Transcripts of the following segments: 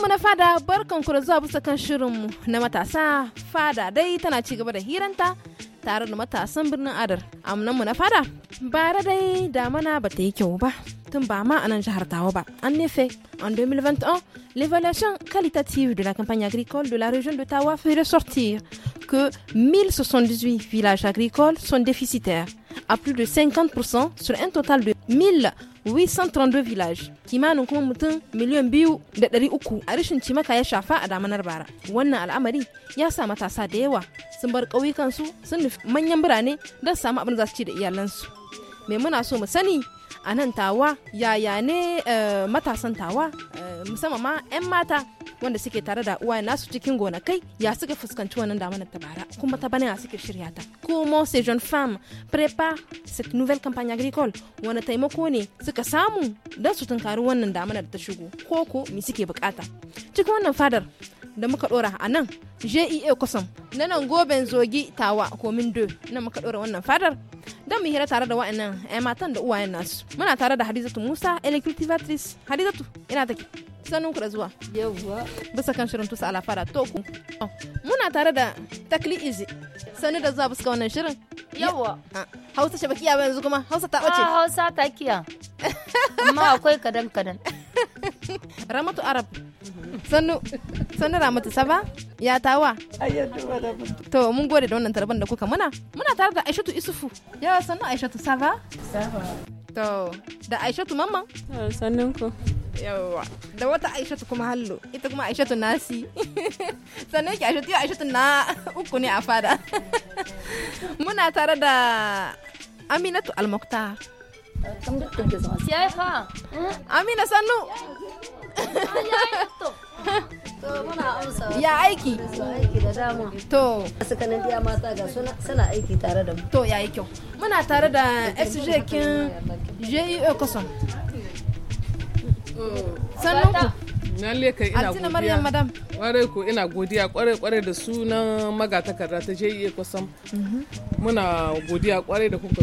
zuwa bisa kan na matasa fada dai tana ci gaba da hiranta tare da matasan adar bara dai ba ta ba tun ba ma tawa ba en effet en 2021 l'évaluation qualitative de la campagne agricole de la région de tawa fait ressortir que 1078 villages agricoles sont déficitaires à plus de 50% sur un total de 1000 832 village kimanin kuma mutum miliyan biyu da ɗari uku a rashin cimaka ya shafa a damanar bara wannan al'amari ya sa matasa da yawa sun bar ƙauyukansu sun nufi manyan birane don samu abin da za su ci da iyalansu me muna so mu sani a nan tawa yaya ne eh, matasan tawa eh, musamman ma 'yan mata wanda suke tare da uwa nasu cikin gonakai ya suka fuskanci wannan damanar ta bara kuma ta bana suke shirya ta kuma ces jeunes femmes prépare cette nouvelle campagne agricole wani taimako ne suka samu don su tunkari wannan damanar ta shigo koko me suke bukata cikin wannan fadar da muka dora a nan jea kusan na nan goben zogi tawa komin do na muka dora wannan fadar don mu hira tare da wa'annan 'yan matan da uwayen nasu muna tare da hadizatu musa electricativatrice hadizatu ina take sanin ku da zuwa yawwa bisa kan shirin tusa alafara to ku oh, muna tare da takli izi sanin da zuwa bisa wannan shirin yawwa ah, hausa shabakiya ba yanzu kuma hausa ta ɓace ah, hausa ta kiya amma akwai kadan kadan ramatu arab sannu sannu ramatu saba ya tawa to mun gode da wannan tarban da kuka muna muna tare da aishatu isufu ya sannu aishatu saba to da aishatu mamman sannun ku yawa da wata aishatu kuma hallo ita kuma aishatu nasi sannan ki aishatu yau aishatu na uku ne a fada muna tare da aminatu Almokta. 깜짝깜짝 sannu. To muna Ya aiki. da dama. To. Sukanin diya mata suna aiki tare da mu. tare da SJ kin JEO Koson. Sannu ku. Lalle kai ina godiya. Maryam madam. Kwarai ko ina godiya kwarai kwarai da sunan magatakarda ta JEO Koson. Muna godiya kwarai da kuka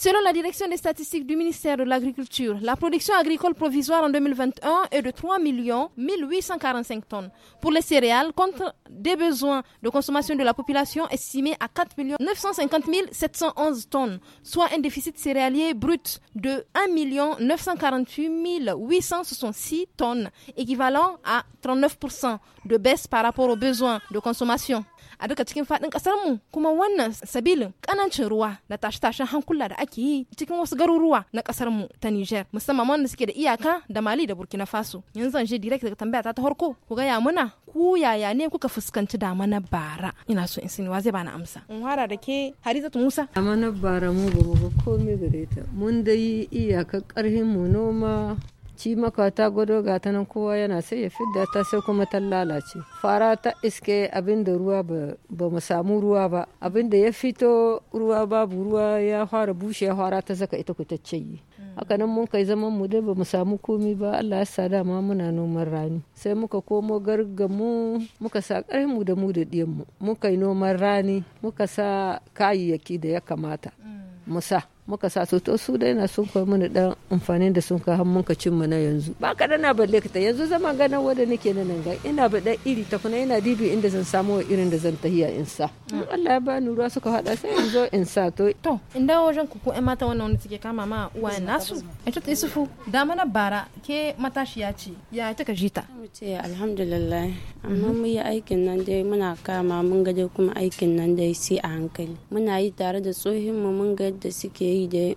Selon la direction des statistiques du ministère de l'Agriculture, la production agricole provisoire en 2021 est de 3 845 tonnes pour les céréales contre des besoins de consommation de la population estimés à 4 950 711 tonnes, soit un déficit céréalier brut de 1 948 866 tonnes, équivalent à 39% de baisse par rapport aux besoins de consommation. a duka cikin faɗin mu kuma wannan sabilin ƙanancin ruwa da tashe-tashen hankula da ake yi cikin wasu garuruwa na kasar mu ta Niger musamman wanda suke da iyaka da Mali da Burkina Faso yanzu zan je direct daga tambaya ta ta farko ku gaya muna ku yaya ne kuka fuskanci damana bara ina so in sani wa zai bani amsa in fara da ke Harizatu Musa mana bara mu ba komai gare ta mun dai iyakar ƙarfin mu noma ci maka ta gwado gata nan kowa yana sai ya fidda ta sai kuma ta lalace fara ta iske abin da ruwa ba mu samu ruwa ba abin da ya fito ruwa babu ruwa ya fara bushe ya fara ta zaka ita kutacce yi haka nan mun kai zaman mu dai ba mu samu komi ba Allah ya sa dama muna noman rani sai muka komo gargamu muka sa ƙarfin mu da mu da ɗiyan mu muka yi noman rani muka sa kayayyaki da ya kamata musa muka sa su to su dai na sun koyi mana dan amfanin da sun kawo mun cin mu na yanzu ba ka dana balle ka ta yanzu zama ganin wanda nake nan ga ina ba dan iri ta kuna ina dibi inda zan samu irin da zan tahiya in sa Allah ya bani ruwa suka hada sai in zo in sa to to in dawo wajen ku ko mata wannan wanda suke kama ma uwayen nasu a eh, ta isufu da mana bara ke matashiya ce ya ta ka jita ce alhamdulillah amma mun yi aikin nan dai muna kama mun ga dai kuma aikin nan dai sai a hankali muna yi tare da tsohin mu mun ga da suke yi yi dai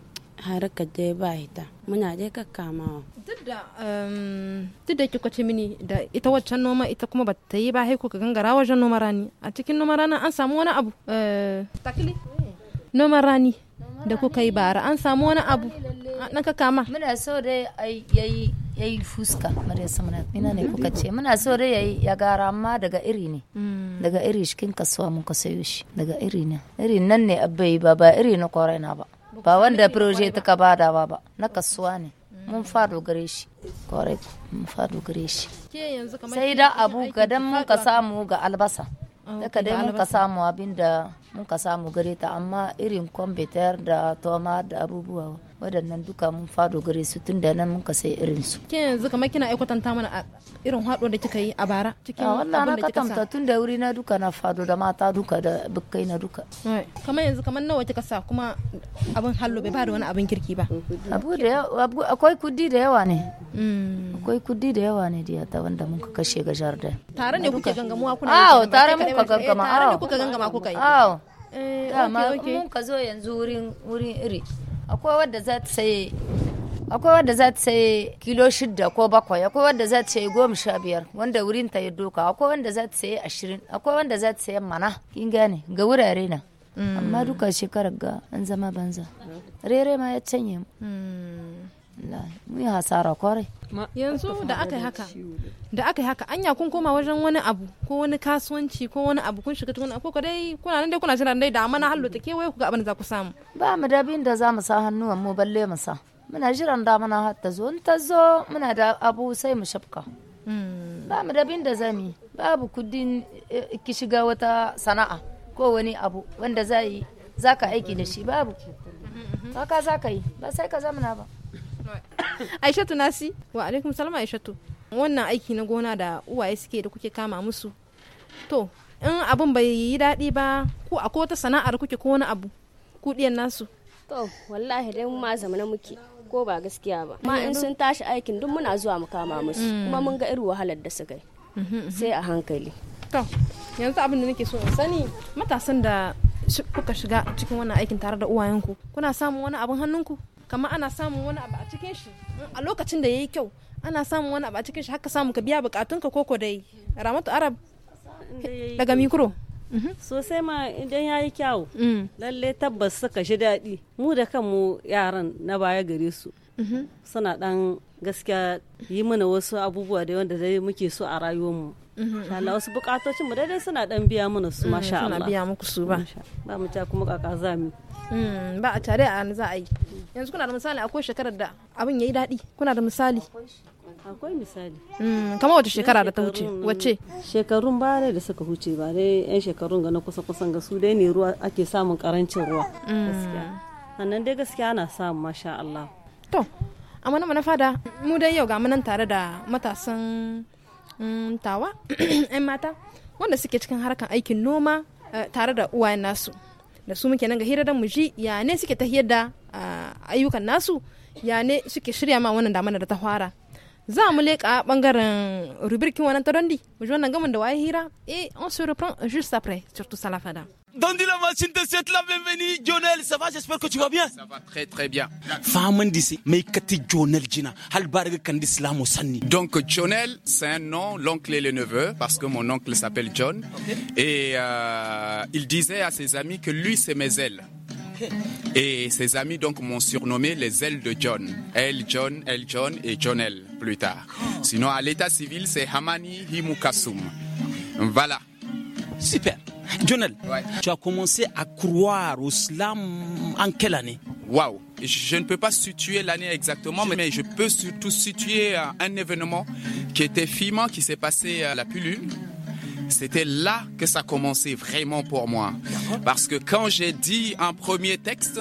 harkar je ba ita muna je kakkamawa duk da um, duk da kika ce mini da ita waccan noma ita kuma ba ta yi ba haiku ka gangara wajen noma rani a cikin noma rani an samu wani abu eh, noma rani da kuka yi bara an samu wani abu na kakama muna so dai yayi ya yi fuska mara yasa muna ina ne kuka ce muna so dai ya yi ya gara amma daga iri ne hmm. daga iri shi shikin kasuwa mun ka sayo shi daga iri ne iri nan ne abba yi ba ba iri na kwarai na ba ba wanda proje ta ka badawa ba na kasuwa ne mun fado gare shi kwarai mun fado gare shi sai da abu gadan mun ka samu ga albasa daga ah, dai mun ka samu abinda mun ka samu gare ta amma irin kwambitar da toma da abubuwa waɗannan duka mun fado gare su tun da nan mun ka sai irin su ke yanzu kamar kina aikwatanta mana irin haɗo da kika yi a bara cikin da kika sa wannan tun da wuri na duka na fado da mata duka da bukkai na duka kamar yanzu kamar nawa kika sa kuma abin hallo bai ba da wani abin kirki ba abu da akwai kudi da yawa ne hmm. akwai kudi da yawa ne da ta wanda mun ka kashe ga jardin tare ne kuke gangamuwa kuna awo tare mun ka eh, gangama awo tare ne kuka gangama kuka yi awo eh, dama mun ka zo yanzu wurin iri akwai wadda za ta saye akwai wadda za ta saye kilo shida ko bakwai akwai wadda za ta saye goma sha biyar wanda wurin ta yi doka akwai wanda za ta saye ashirin akwai wanda za ta saye mana kin gane ga wurare na mm. amma duka shekarar ga an zama banza rere ma ya canye mu mm. mun hasara kwarai yanzu da aka yi haka da aka yi haka anya kun koma wajen wani abu ko wani kasuwanci ko wani abu kun shiga tukuna ko dai kuna nan dai kuna jira dai da amana hallo ta kewaye ku ga abin da za ku samu ba mu da bin da za mu sa hannuwan mu balle mu sa muna jiran da mana har ta zo in ta zo muna da abu sai mu shafka hmm. ba mu da bin da zami babu kudin eh, ki shiga wata sana'a ko wani abu wanda za yi za ka aiki da shi babu mm-hmm. haka za ka yi ba sai ka zamana ba aishatu nasi wa alaikum salam aishatu wannan aiki na gona da uwaye suke da kuke kama musu to in abin bai yi daɗi ba ko a wata sana'ar kuke ko wani abu kuɗiyan nasu to wallahi dai ma zamana muke ko ba gaskiya ba ma in sun tashi aikin duk muna zuwa mu kama musu mm. kuma mun ga irin wahalar da su kai mm-hmm, mm-hmm. sai a hankali to yanzu abin da nake so in sani matasan da kuka shiga cikin wannan aikin tare da uwayenku kuna samun wani abin hannunku kamar ana samun wani abu a cikin shi a lokacin da yayi kyau ana samun wani abu a cikin shi haka samu ka biya bukatunka koko dai ramatu arab daga mikro sosai ma idan yayi kyau kyawu mm. lalle tabbas suka shi daɗi mu da kanmu yaran na baya gare su mm-hmm. suna ɗan gaskiya yi mana wasu abubuwa da wanda dai muke so a rayuwarmu Allah mm-hmm. wasu bukatocin mu dai suna dan biya mana su mm, masha Allah suna biya muku su ba ba mu ta kuma kaka za mu. Mm, ba a tare a za a yi yanzu kuna da misali akwai shekarar da abin yayi daɗi kuna da misali akwai misali mm, kamar wata shekara da ta wuce wacce shekarun ba ne da suka huce ba dai yan shekarun ga na kusa kusan ga su dai ne ruwa ake samun karancin ruwa gaskiya sannan dai gaskiya ana samu masha Allah to amma na fada mu dai yau ga munan tare da matasan Mm, tawa 'yan mata wanda suke cikin harkan aikin noma eh, tare da uwayen nasu da su muke nan ga hira da mu ji ya ne suke tahiyar da eh, ayyukan nasu ya ne suke shirya ma wannan damana da ta fara za mu leƙa bangaren rubirkin wannan dondi mu ji wannan gamin da waye hira eh on se reprend juste après surtout salafada la machine de la bienvenue. Jonel, ça va, j'espère que tu vas bien. Ça va très très bien. Jonel Donc Jonel, c'est un nom, l'oncle et le neveu, parce que mon oncle s'appelle John. Et euh, il disait à ses amis que lui c'est mes ailes. Et ses amis donc m'ont surnommé les ailes de John. Elle John, elle John et Jonel plus tard. Oh. Sinon à l'état civil c'est Hamani Himukasum. Voilà. Super. Jonel, tu as commencé à croire au slam en quelle année Waouh Je ne peux pas situer l'année exactement, mais je peux surtout situer un événement qui était filmant, qui s'est passé à la Pulule. C'était là que ça commençait vraiment pour moi. Parce que quand j'ai dit un premier texte,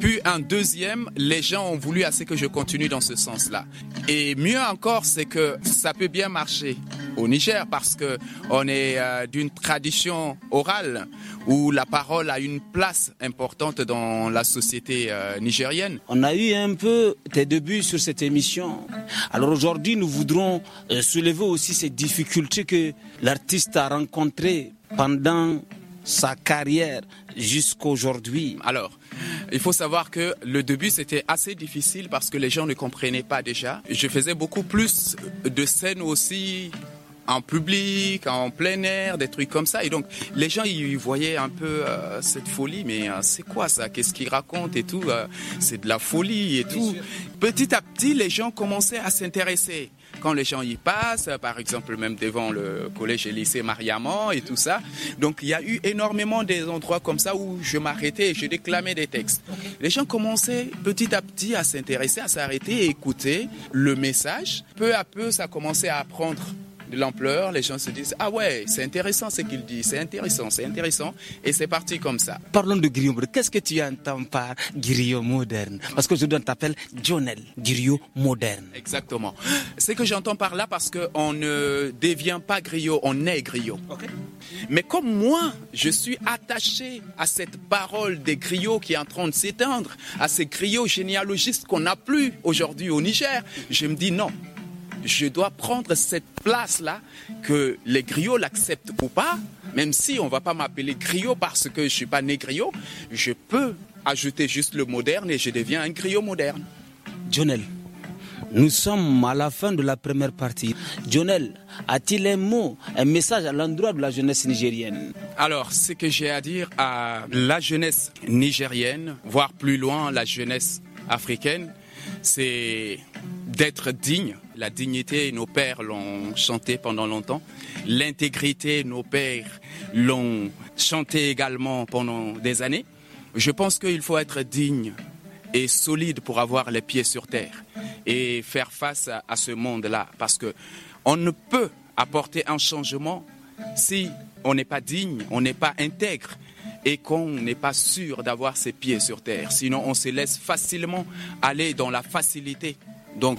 puis un deuxième, les gens ont voulu assez que je continue dans ce sens-là. Et mieux encore, c'est que ça peut bien marcher au Niger parce que on est euh, d'une tradition orale où la parole a une place importante dans la société euh, nigérienne. On a eu un peu tes débuts sur cette émission. Alors aujourd'hui, nous voudrons euh, soulever aussi ces difficultés que l'artiste a rencontrées pendant sa carrière jusqu'aujourd'hui. Alors, il faut savoir que le début c'était assez difficile parce que les gens ne comprenaient pas déjà. Je faisais beaucoup plus de scènes aussi en public, en plein air, des trucs comme ça. Et donc, les gens, ils voyaient un peu euh, cette folie, mais euh, c'est quoi ça Qu'est-ce qu'ils racontent et tout euh, C'est de la folie et tout. Petit à petit, les gens commençaient à s'intéresser. Quand les gens y passent, par exemple, même devant le collège et lycée Mariamont et tout ça. Donc, il y a eu énormément des endroits comme ça où je m'arrêtais et je déclamais des textes. Les gens commençaient petit à petit à s'intéresser, à s'arrêter et écouter le message. Peu à peu, ça commençait à apprendre de l'ampleur, les gens se disent Ah ouais, c'est intéressant ce qu'il dit, c'est intéressant, c'est intéressant. Et c'est parti comme ça. Parlons de griot. Qu'est-ce que tu entends par griot moderne Parce que je t'appelle Jonel, griot moderne. Exactement. Ce que j'entends par là, parce qu'on ne devient pas griot, on est griot. Mais comme moi, je suis attaché à cette parole des griots qui est en train de s'éteindre, à ces griots généalogistes qu'on n'a plus aujourd'hui au Niger, je me dis non, je dois prendre cette place-là, que les griots l'acceptent ou pas, même si on ne va pas m'appeler griot parce que je ne suis pas né griot, je peux ajouter juste le moderne et je deviens un griot moderne. Jonel, nous sommes à la fin de la première partie. Jonel, a-t-il un mot, un message à l'endroit de la jeunesse nigérienne Alors, ce que j'ai à dire à la jeunesse nigérienne, voire plus loin la jeunesse africaine, c'est d'être digne la dignité, nos pères l'ont chanté pendant longtemps. L'intégrité, nos pères l'ont chanté également pendant des années. Je pense qu'il faut être digne et solide pour avoir les pieds sur terre et faire face à ce monde-là. Parce que on ne peut apporter un changement si on n'est pas digne, on n'est pas intègre et qu'on n'est pas sûr d'avoir ses pieds sur terre. Sinon, on se laisse facilement aller dans la facilité. Donc,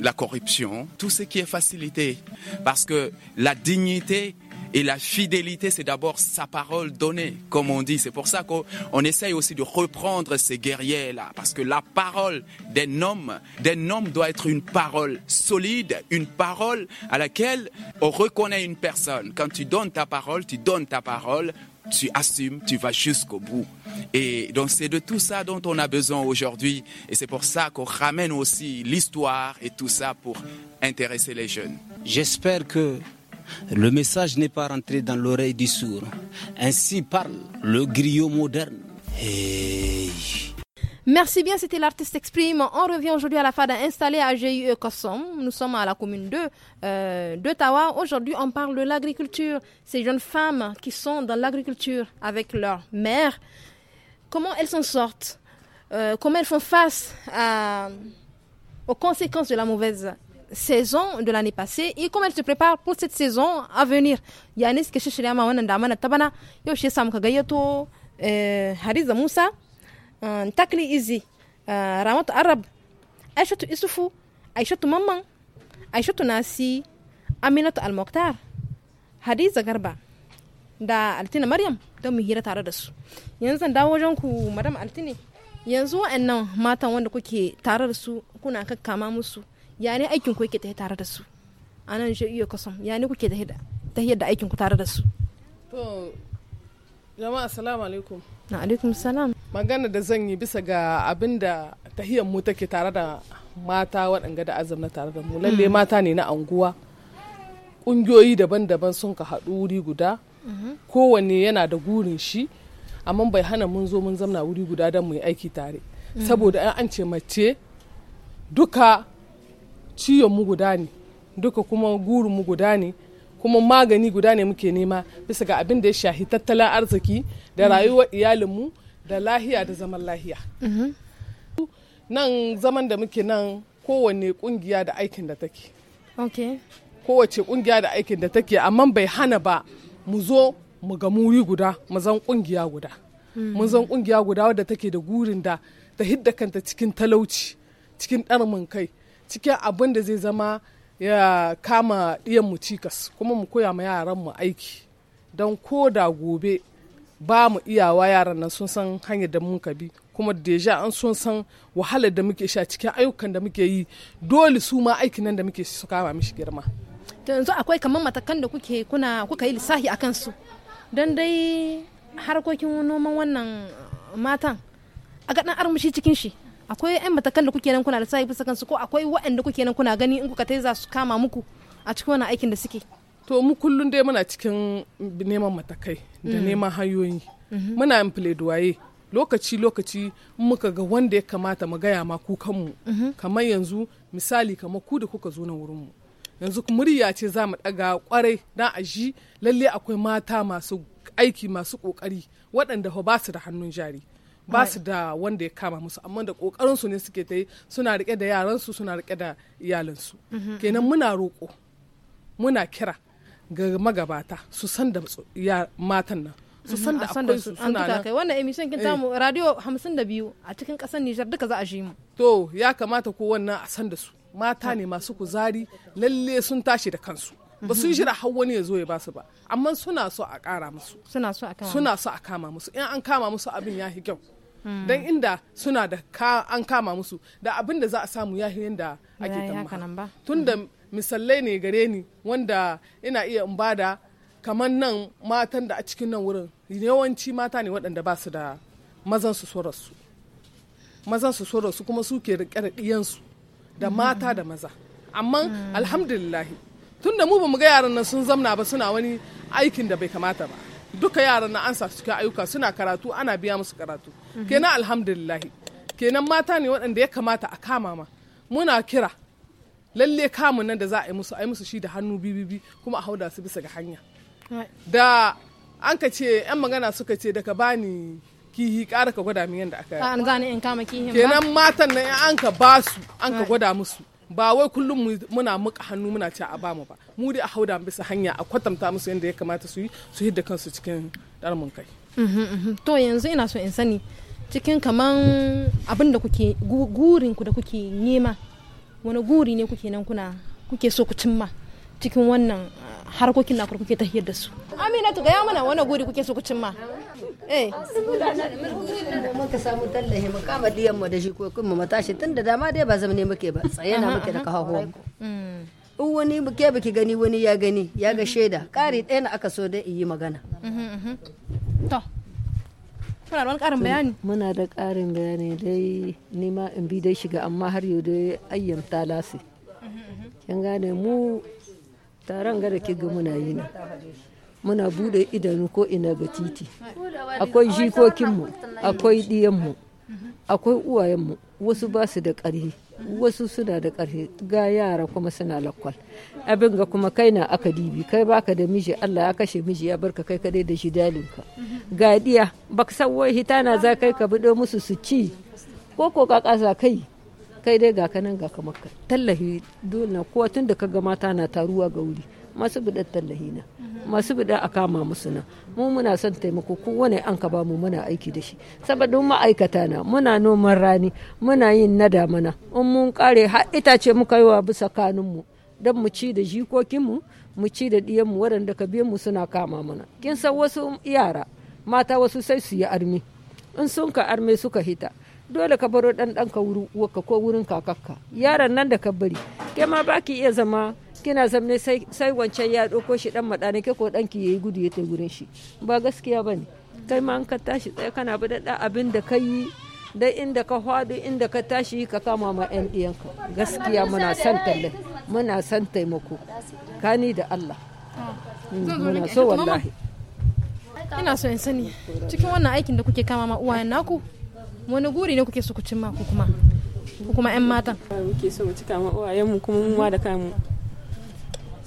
la corruption, tout ce qui est facilité. Parce que la dignité et la fidélité, c'est d'abord sa parole donnée, comme on dit. C'est pour ça qu'on essaye aussi de reprendre ces guerriers-là. Parce que la parole d'un homme, des homme doit être une parole solide, une parole à laquelle on reconnaît une personne. Quand tu donnes ta parole, tu donnes ta parole tu assumes, tu vas jusqu'au bout. Et donc c'est de tout ça dont on a besoin aujourd'hui. Et c'est pour ça qu'on ramène aussi l'histoire et tout ça pour intéresser les jeunes. J'espère que le message n'est pas rentré dans l'oreille du sourd. Ainsi parle le griot moderne. Merci bien, c'était l'artiste exprime. On revient aujourd'hui à la FADA installée à GIE Kossom. Nous sommes à la commune de euh, d'Ottawa. Aujourd'hui, on parle de l'agriculture. Ces jeunes femmes qui sont dans l'agriculture avec leur mère, comment elles s'en sortent euh, Comment elles font face à, aux conséquences de la mauvaise saison de l'année passée et comment elles se préparent pour cette saison à venir. Yannis, tabana, Moussa, takli izi ramatu arab aishatu isufu aishatu mamman aishatu nasi aminatu almoktar hadiza garba da altina maryam don mu hira tare da su yanzu zan dawo wajen ku madam altine yanzu wa'annan matan wanda kuke tare da su kuna kakkama musu ya ne aikin ku yake tafi tare da su a nan shi iya kasam ya ne kuke tafi da aikin ku tare da su to jama'a assalamu alaikum na alaikum salam magana da zan yi bisa ga abin da tahiyar mu take tare da mata waɗanga da azam na tare da mu mm. lalle mata ne na anguwa ƙungiyoyi daban-daban sun ka haɗu wuri guda mhm. kowanne yana da gurin shi amma bai hana mun zo mun zamna wuri guda don mu yi aiki tare mm. saboda an ce mace duka ciwon mu guda ne duka kuma gurin mu guda ne kuma magani guda ne muke nema bisa ga abin da ya shahi tattalin arziki da mm. rayuwar iyalinmu mu da lahiya da zaman lahiya mhm. nan zaman da muke nan kowane kungiya da aikin da take kowace kungiya da aikin da take amma bai hana ba mu zo mu ga muri guda mu zan kungiya guda mhm. mun zan kungiya guda wadda take da gurin da ta hidda kanta cikin talauci cikin ɗarmin kai cikin abin da zai zama ya kama mu cikas kuma mu koya ma yaran mu aiki don ko da gobe ba mu iyawa yaran nan sun san hanyar da muka bi kuma deja an sun san wahalar da muke sha cikin ayyukan da muke yi dole su ma aikin nan da muke su kama mishi girma to yanzu akwai kamar matakan da kuke kuna kuka yi lissafi a kansu don dai harkokin noman wannan matan a ga dan armushi cikin shi akwai yan matakan da kuke nan kuna lissafi bisa kansu ko akwai waɗanda kuke nan kuna gani in kuka taiza su kama muku a cikin wannan aikin da suke to mu kullum dai muna cikin neman matakai da mm. neman hanyoyi mm-hmm. muna yin duwaye lokaci lokaci muka ga wanda ya kamata mu gaya ma kukanmu mu mm-hmm. kamar yanzu misali kamar ku da kuka zo na wurinmu yanzu murya ce za mu daga kwarai dan aji lalle akwai mata masu aiki masu kokari waɗanda ba su da hannun jari ba su da wanda ya kama musu amma da kokarinsu ne suke ta yi suna rike da yaransu suna riƙe da iyalansu mm-hmm. kenan muna roƙo muna kira ga magabata su san da matan nan su san da akwai su suna nan kai wannan emission kin eh. tamu radio 52 a cikin kasar Nijar duka za a shi mu to ya kamata ko wannan a san da su mata ne masu kuzari lalle sun tashi da kansu ba sun jira har wani ya zo ya basu ba amma suna so a kara musu suna so a kama suna so a kama musu in an kama musu abin ya kyau hmm. don inda suna da an kama musu da abin da za a samu ya yanda ake tamba tunda hmm. misalai ne gare ni wanda ina iya in bada kamar nan matan da a cikin nan wurin yawanci mata ne waɗanda ba su da mazan su so rasu mazan su kuma su ke riƙe da mata da maza amma mm. alhamdulillahi tun da mu ba mu ga yaran nan sun zamna ba suna wani aikin da bai kamata ba duka yaran na an sa cikin ayyuka suna karatu ana biya musu karatu mm-hmm. kenan alhamdulillahi kenan mata ne waɗanda ya kamata a kama ma muna kira lalle kamun nan da za a yi musu a yi musu shi da hannu bibibi kuma a hauda su bisa ga hanya da an ka ce yan magana suka ce daga bani kihi kara ka gwada min yadda aka yi an gane in kama kihin kenan matan nan an ka ba su an ka gwada musu ba wai kullum muna muka hannu muna ce a bamu ba mu dai a hauda bisa hanya a kwatanta musu yadda ya kamata su yi su hidda kansu cikin darmin kai mhm, mhm. to yanzu ina so in sani cikin kaman abin da kuke gurin ku da kuke nema wani guri ne kuke nan kuna kuke so ku cimma cikin wannan ah, harkokin na kuke tahiyar da su amina tu gaya mana wani guri kuke so ku cimma eh muka samu tallahi mu kama diyan mu da shi ko kuma mu da tunda dama dai ba zama ne muke ba tsaye na muke da da mm. in wani ke baki gani wani ya gani ya ga shaida kari ɗaya na aka so dai yi magana mm-hmm, mm-hmm. to ƙarin bayani? Muna da ƙarin bayani dai nima in bi dai shiga amma har yau dai ta lasi Kin gane mu taron gada ke ga muna yi ne. Muna buɗe idanu ko ina ga titi. Akwai jikokinmu, akwai ɗiyanmu, akwai uwayenmu, wasu ba su da ƙarfi. wasu suna da ƙarfi ga yara kuma suna lakwal abin ga kuma kai na aka dibi kai baka da miji Allah ya kashe miji ya barka kai kadai da shi dalinka ga diya baka san wai hitana za kai ka bido musu su ci ko ko ka kasa kai kai dai ga kanan ga kamar tallahi dole ko tun da ga mata na taruwa ga wuri masu bidar tallahi na masu bida a kama musu na mu muna son taimako kowane an ka bamu muna aiki da shi saboda ma'aikata na muna noman rani muna yin nada mana in mun kare har itace muka yi wa bisa mu don mu ci da jikokinmu mu ci da mu wadanda ka biyan mu suna kama mana kin san wasu yara mata wasu sai su yi armi in sun ka arme suka hita dole ka baro dan ka wurin ko wurin kakakka yaran nan da ka bari ke ma baki iya zama kina zamne sai sai wancan ya ɗauko shi dan madani ke ko danki yayi gudu ya ta gurin shi ba gaskiya bane kai ma an ka tashi tsaye kana bi da abin da kai dai inda ka hwadu inda ka tashi ka kama ma 'yan ɗiyanka gaskiya muna son talle muna san taimako kani da Allah ah, mm, muna so wallahi ina so in sani cikin wannan aikin da kuke kama ma uwayen naku wani guri ne kuke so ku cimma ko kuma ko kuma 'yan matan muke so mu cika ma uwayen mu kuma mu da kanmu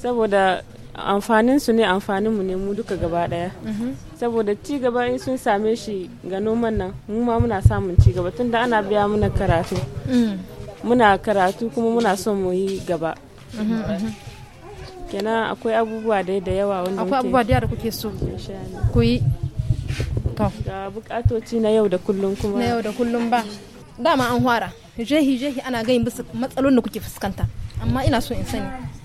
saboda amfanin su ne amfanin mu ne mu duka gaba daya mhm. saboda ci gaba in sun same shi ga noman nan mu ma muna samun ci gaba tunda ana biya muna karatu mm. muna karatu kuma muna son mu yi gaba mhm, mhm. kenan akwai abubuwa dai da yawa wanda akwai abubuwa da kuke so ku yi to ga bukatoci na yau da kullum kuma na yau da kullum ba dama an hwara jehi jehi ana ganin bisa matsalolin da kuke fuskanta amma ina so in sani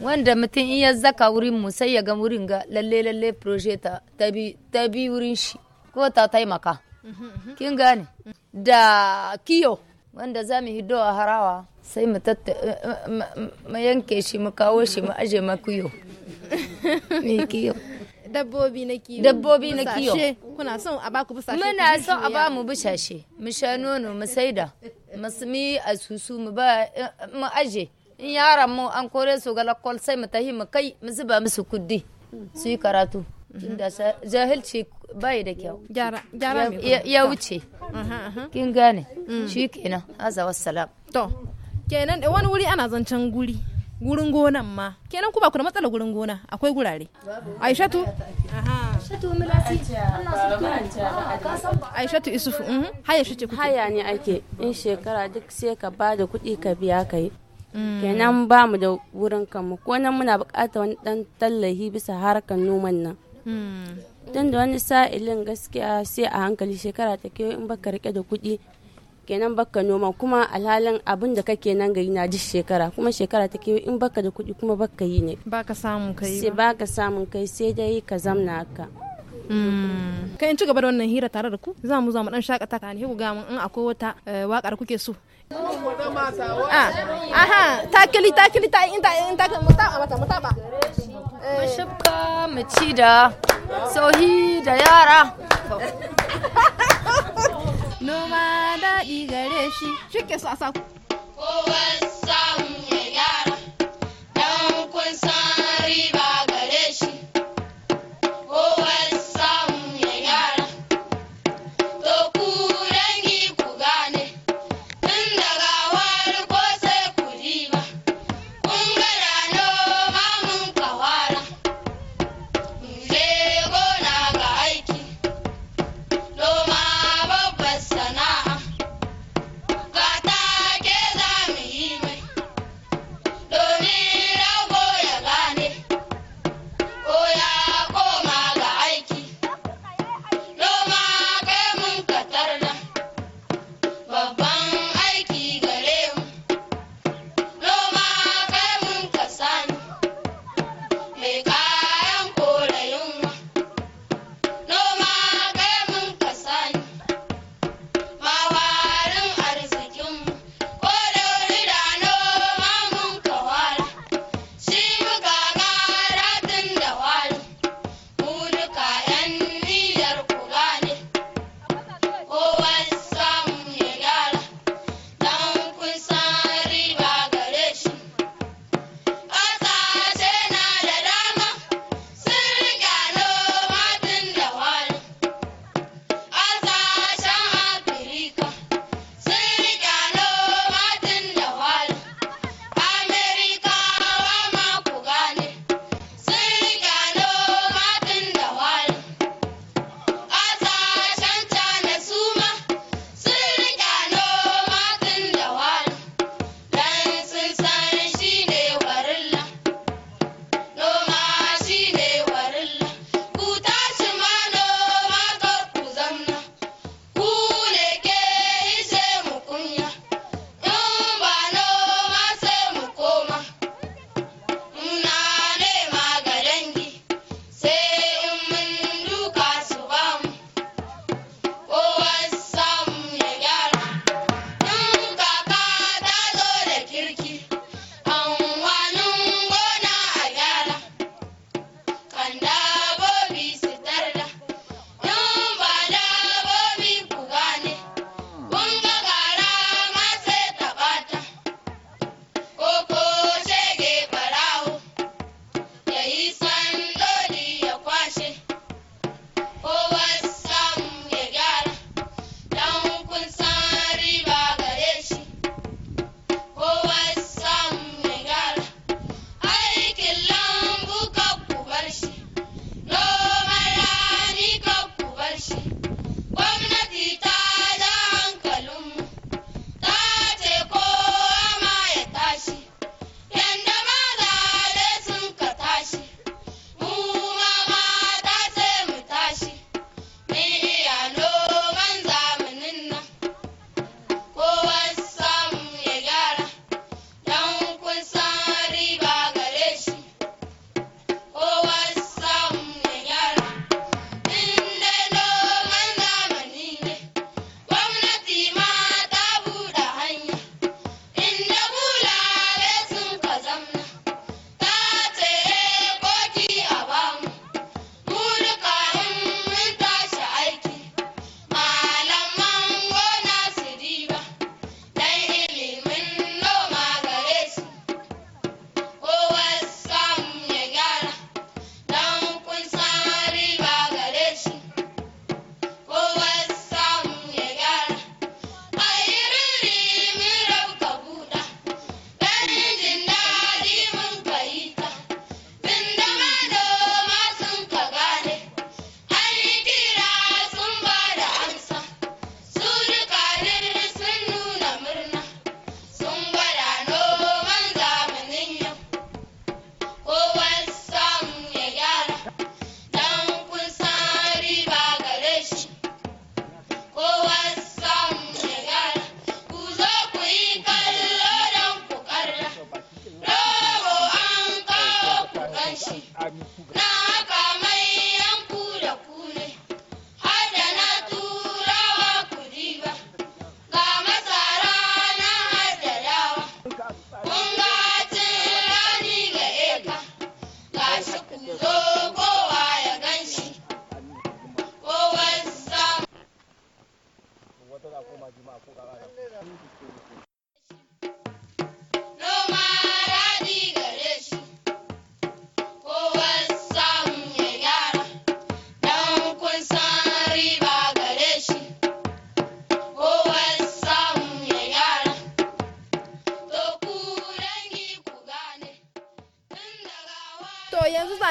wanda mutum in ya zaka wurin mu sai ya ga wurin ga lalle lalle projeta, ta ta bi wurin shi ko ta taimaka kin gane da kiyo wanda za mu hido a harawa sai mu eh, eh, yanke shi mu kawo shi mu aje ma kiyo. mai kiyo dabbobi na kiyo dabbobi na kiyo kuna son a baku bisashe muna son a ba mu busashe mu sha nono mu saida mu a asusu mu ba eh, mu aje in yaran mu an kore su ga lakwal sai mu tahi mu kai mu zuba musu kuddi su yi karatu tunda jahilci bai da kyau ya wuce kin gane mm. shi kenan aza wassalam to kenan da wani wuri ana zancen guri gurin gonan ma kenan ku ba ku da matsala gurin gona akwai gurare aishatu aishatu isufu ah, mhm. haya shi ce haya ne ake in shekara duk sai ka ba da kuɗi ka biya ka yi Mm. kenan ba mu da wurin kanmu ko nan muna bukata wani ɗan tallahi bisa harkar noman nan mm. tun da wani sa'ilin gaskiya sai a hankali shekara ta kewa in baka rike da kuɗi kenan baka noma kuma alhalin abin da kake nan gari na duk shekara kuma shekara ta kewa in baka da kuɗi kuma baka yi ne baka samun kai sai baka samun kai sai dai ka zamna ka mm. kai in ci gaba da wannan hira tare da ku za mu za mu dan shakata ka ne ku ga mun in akwai wata eh, waƙar kuke so آه. اها تاكلي تاكلي تاكلي تاكلي تاكلي مطابعه مطابعه mun shifka mu ci da tsohi da yara noma daɗi gare shi shi ke sa sa kowa samu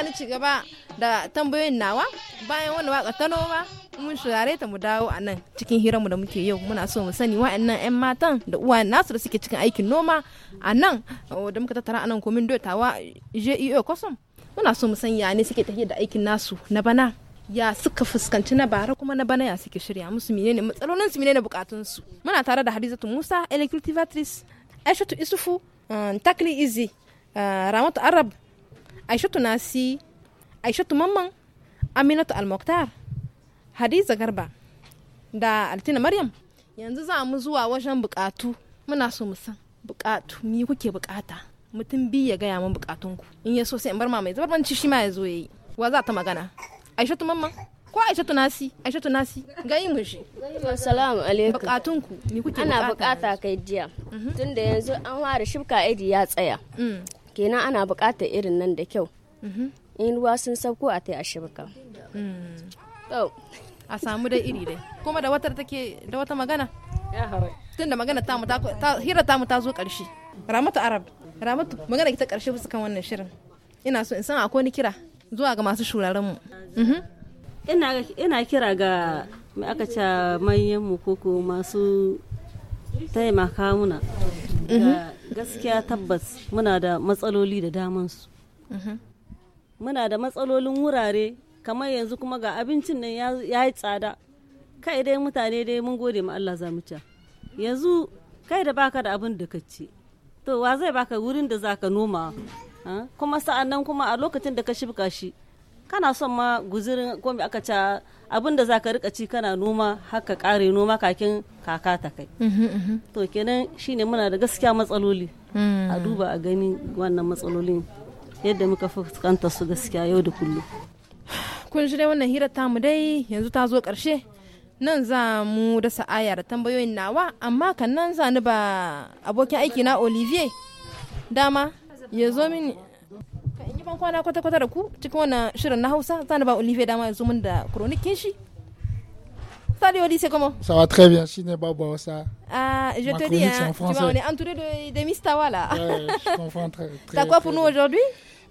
ni ci gaba da tambayoyin nawa bayan wani waka ta noma mun shirare ta mu dawo a nan cikin hiranmu da muke yau muna so mu sani wa'annan 'yan matan da uwa nasu da suke cikin aikin noma a nan da muka tattara a nan komin dotawa jeo kwasom muna so mu san ya ne suke tafiya da aikin nasu na bana ya suka fuskanci na bara kuma na bana ya suke shirya musu menene matsalolin su menene bukatun su muna tare da Hadizatu Musa Batteries Aishatu Isufu um, Takli Izi uh, Ramatu Arab aishatu nasi aishatu mamman aminatu almoktar hadiza garba da altina maryam yanzu za mu zuwa wajen bukatu muna so mu san bukatu mi kuke bukata mutum bi ya gaya min bukatunku in ya so sai in bar ma mai zabarbanci shi ma ya zo yayi wa za ta magana aishatu mamman ko aishatu nasi aishatu nasi gayi mu shi assalamu alaikum bukatunku mi kuke bukata ana bukata kai jiya mhm. tunda yanzu an fara shibka aidi ya tsaya mm. kenan ana buƙatar irin nan da kyau mhm. in ruwa sun sauko a tai a shibka mm. a samu da iri dai kuma da watar take da wata magana tun da magana tamu ta hira tamu ta zo karshe ramatu arab ramatu magana ki ta karshe musu kan wannan shirin ina so in san akwai ni kira zuwa ga masu shuraren mu mhm. ina kira ga mai aka ca manyan mu koko masu taimaka muna mm-hmm. gaskiya tabbas muna da matsaloli da damansu mm-hmm. muna da matsalolin wurare kamar yanzu kuma ga abincin nan ya yi tsada kai dai mutane dai mun gode ma Allah za mu ci yanzu kai da baka da abin da ka to wa zai baka wurin da zaka noma ah, kuma sa'an nan kuma a lokacin da ka shibka shi kana son ma guzirin ko aka ca abin da ka rika ci kana noma haka kare noma kakin kaka ta kai mhm, mhm. to kenan shine muna da gaskiya matsaloli hmm. a duba a gani wannan matsalolin yadda muka fuskanta su gaskiya yau da kullum kun shi dai wannan ta mu dai yanzu ta zo karshe nan za mu dasa aya da tambayoyin nawa amma kan nan za ni ba abokin aiki na olivier dama ya zo mini kwata kwata da ku cikin wannan shirin na Hausa ba da shi Salut Oli, comment Ça va très bien, Chine Baba, ça. Ah, je te dis, hein, tu vois, on est entouré de, de Mistawa là. Ouais, je comprends très, T'as quoi pour nous aujourd'hui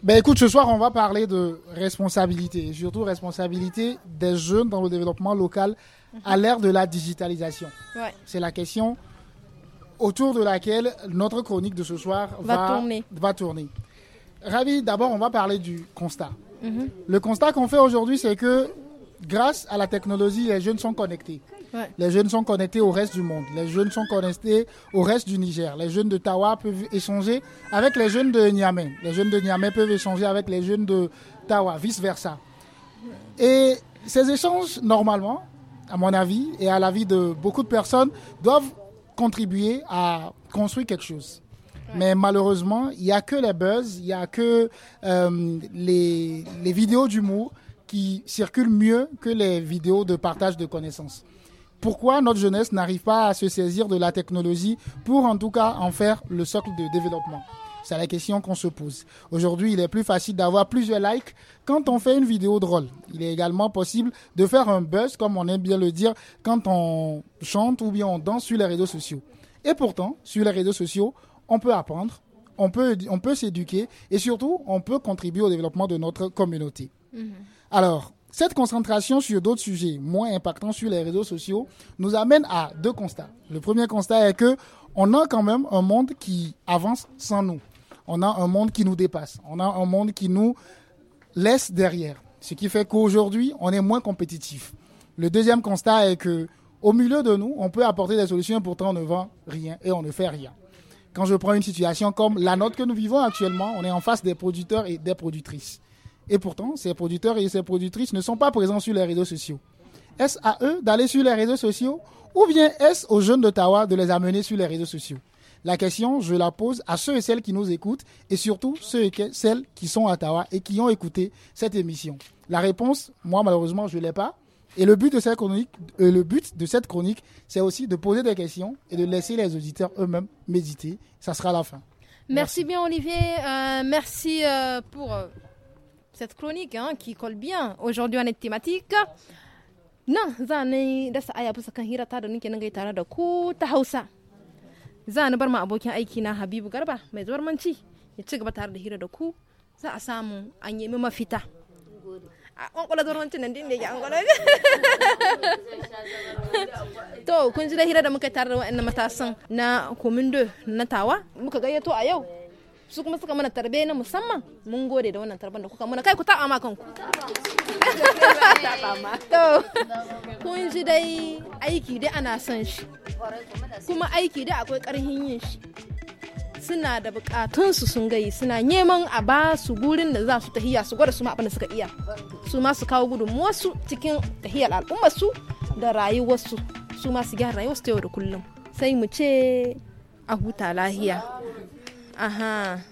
ben écoute, ce soir, on va parler de responsabilité, surtout responsabilité des jeunes dans le développement local mhm. à l'ère de la digitalisation. Ouais. C'est la question autour de laquelle notre chronique de ce soir Va tourner. Ravi, d'abord, on va parler du constat. Mhm. Le constat qu'on fait aujourd'hui, c'est que grâce à la technologie, les jeunes sont connectés. Les jeunes sont connectés au reste du monde. Les jeunes sont connectés au reste du Niger. Les jeunes de Tawa peuvent échanger avec les jeunes de Niamey. Les jeunes de Niamey peuvent échanger avec les jeunes de Tawa, vice-versa. Et ces échanges, normalement, à mon avis et à l'avis de beaucoup de personnes, doivent contribuer à construire quelque chose. Mais malheureusement, il n'y a que les buzz, il n'y a que euh, les, les vidéos d'humour qui circulent mieux que les vidéos de partage de connaissances. Pourquoi notre jeunesse n'arrive pas à se saisir de la technologie pour en tout cas en faire le socle de développement c'est la question qu'on se pose. Aujourd'hui, il est plus facile d'avoir plusieurs likes quand on fait une vidéo drôle. Il est également possible de faire un buzz, comme on aime bien le dire, quand on chante ou bien on danse sur les réseaux sociaux. Et pourtant, sur les réseaux sociaux, on peut apprendre, on peut, on peut s'éduquer et surtout, on peut contribuer au développement de notre communauté. Mhm. Alors, cette concentration sur d'autres sujets moins impactants sur les réseaux sociaux nous amène à deux constats. Le premier constat est que on a quand même un monde qui avance sans nous. On a un monde qui nous dépasse. On a un monde qui nous laisse derrière. Ce qui fait qu'aujourd'hui, on est moins compétitif. Le deuxième constat est que au milieu de nous, on peut apporter des solutions pourtant on ne vend rien et on ne fait rien quand je prends une situation comme la nôtre que nous vivons actuellement, on est en face des producteurs et des productrices. Et pourtant, ces producteurs et ces productrices ne sont pas présents sur les réseaux sociaux. Est-ce à eux d'aller sur les réseaux sociaux ou bien est-ce aux jeunes d'Ottawa de les amener sur les réseaux sociaux La question, je la pose à ceux et celles qui nous écoutent et surtout ceux et celles qui sont à Ottawa et qui ont écouté cette émission. La réponse, moi malheureusement, je ne l'ai pas. Et le but de cette chronique, euh, le but de cette chronique, c'est aussi de poser des questions et de laisser les auditeurs eux-mêmes méditer. Ça sera la fin. Merci, bien Olivier, euh, merci euh, pour euh, cette chronique hein, qui colle bien aujourd'hui à notre thématique. nan za na je dasa aya bisa kan hirata da nake nan tare da ku ta hausa za na bar ma abokin aiki na habibu garba mai zuwar manci ya ci gaba tare da hira da ku za a samu an yi mafita. kwakwala zuwa wancan nan dinda ya to kun ji da hira da muka tare da waɗannan matasan na komindo na tawa muka gayyato a yau su kuma suka mana tarbe na musamman mun gode da wannan tarban da kuka mana kai ku ta ma kanku to kun ji dai aiki dai ana son shi kuma aiki dai akwai karhin yin shi suna da su sun gayi suna neman a ba su gurin da za su tahiya su gwada su ma abin da suka iya su ma su kawo gudunmuwarsu cikin tahiyar al'ummarsu da rayuwarsu su ma su gyara rayuwarsu ta yau da kullum sai mu ce a huta lahiya aha